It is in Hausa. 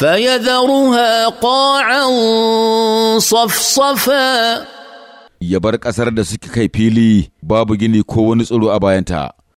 فيذرها قاعا صفصفا ya bar ƙasar da suke kai fili babu gini ko wani tsiro a bayanta.